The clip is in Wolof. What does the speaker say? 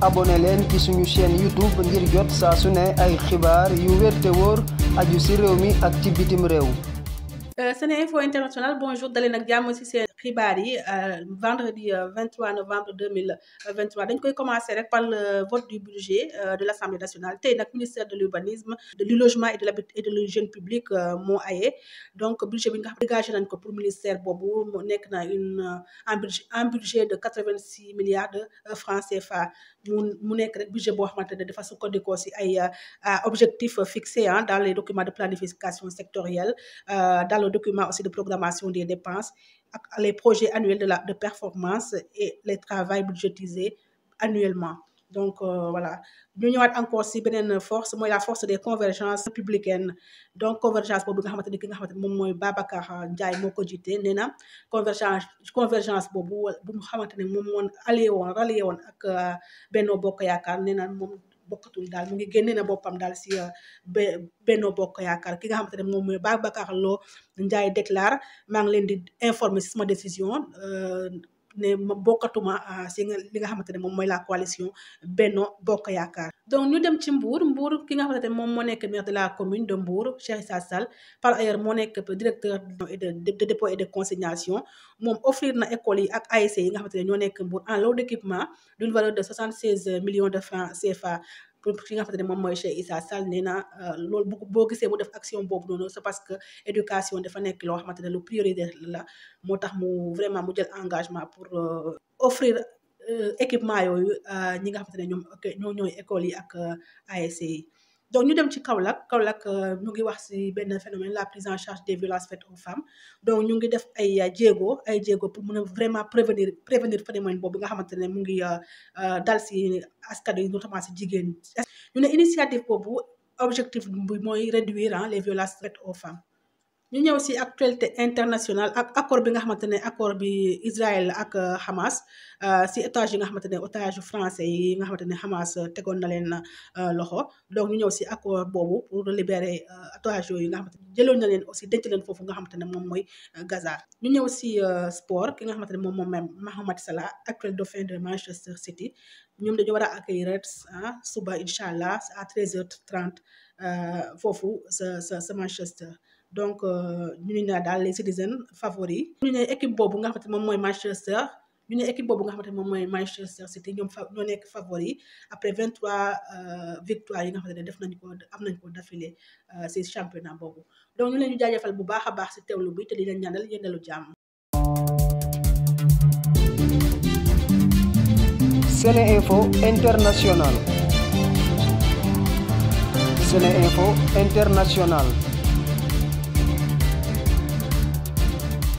abonné leen ci suñu chaîne YouTube ngir jot saa su ne ay xibaar yu wér te wóor aju ci réew mi ak ci bitim réew. Euh, Sene Info International bonjour daleen ak jàmm ci seen. xibaar yi euh, vendredi 23 euh, novembre 2023 euh, dañ koy commencé rek par le vote du budget de l'Assemblée nationale tey nag ministère de l'urbanisme du logement et de l'habitat et de l'hygiène publique moo aye donc budget bi nga xam dégagé nañ ko pour ministère boobu mu nekk na une un budget de quatre-vingt-six milliards de francs CFA mu nekk rek budget boo xamante ne dafa sukkandikoo si ay objectifs fixés ah dans le documents de planification sectorielle dans le document aussi de programmation des dépenses les projets annuels de, la, de performance et les travaux budgétisés annuellement. donc euh, voilà ñu ñëwaat encore ci beneen force mooy la force des convergences républicaines donc convergence boobu nga xamante ni ki nga xamante ni moom mooy Babacar Ndiaye moo ko jiite nee na convergence convergence boobu bu nga xamante ne moom moon allié woon rallié woon ak euh, Benno Bokk Yaakaar nee na moom bokkatul daal mu ngi génne na boppam daal si euh, Benno Bokk Yaakaar ki nga xamante ne moom mooy Babacar Lô Ndiaye déclare maa ngi leen di informer si sama décision euh, ne ma bokkatuma ah, si li nga xamante ne moom mooy la coalition Benno Bokk Yaakaar donc ñu dem ci Mbour Mbour ki nga xamante ne moom moo nekk maire de la commune de Mbour Cheikh Issa Sall par ailleurs moo nekk directeur de dépôt et de consignation moom offrir na école yi ak ASC e yi nga xamante ne ñoo nekk Mbour en lot d'équipement d'une valeur de soixante seize millions de francs CFA pour ki nga xamante ne moom mooy Cheikh Issa Sall nee na euh, lool bu boo gisee mu def action boobu noonu c'est parce que éducation dafa nekk loo xamante ne lu priorité la moo tax mu vraiment mu jël engagement pour euh, offrir euh, équipement yooyu ñi nga xamante ne ñoom ñoo ñooy école yi ak ASC e donc ñu dem ci Kaolack Kaolack euh, ñu ngi wax ci benn phénomène la prise en charge des violences faites aux femmes donc ñu ngi def a euh, jéego ay jéego pour mën a vraiment prévenir prévenir phénomène boobu nga xamante ne mu ngi euh, dal ci askan yi notamment ci jigéen ñu ne initiative boobu objectif bi mooy réduire les violences faites au femmes ñu ñëw si actualité internationale ak accord bi nga xamante ne accord bi Israël ak Hamas si euh, étage yi nga xamante ne otage français yi nga xamante ne Hamas tegoon na leen euh, loxo donc ñu ñëw si accord boobu pour libérer otage euh, yooyu nga xamante ne jëloon na leen aussi denc leen foofu nga xamante ne moom mooy Gaza. ñu ñëw si sport ki nga xamante ne moom moom même Mohamed Salah actuel dauphin de Manchester City ñoom dañu war a accueillir Reds suba incha allah à 13h30 foofu sa sa sa Manchester. donc euh, ñu ngi naan daal les citizens favoris. ñu ne équipe boobu nga xamante moom mooy Manchester ñu ne équipe boobu nga xamante moom mooy Manchester City ñoom fa ñoo nekk favori après 23 euh, victoires yi nga xamante ne def nañ ko am nañ ko d'affilée ci euh, championnat boobu donc ñu leen ñu jaajëfal bu baax a baax ci teewlu bi te di leen ñaanal yëndalu jàmm. SeneInfo International SeneInfo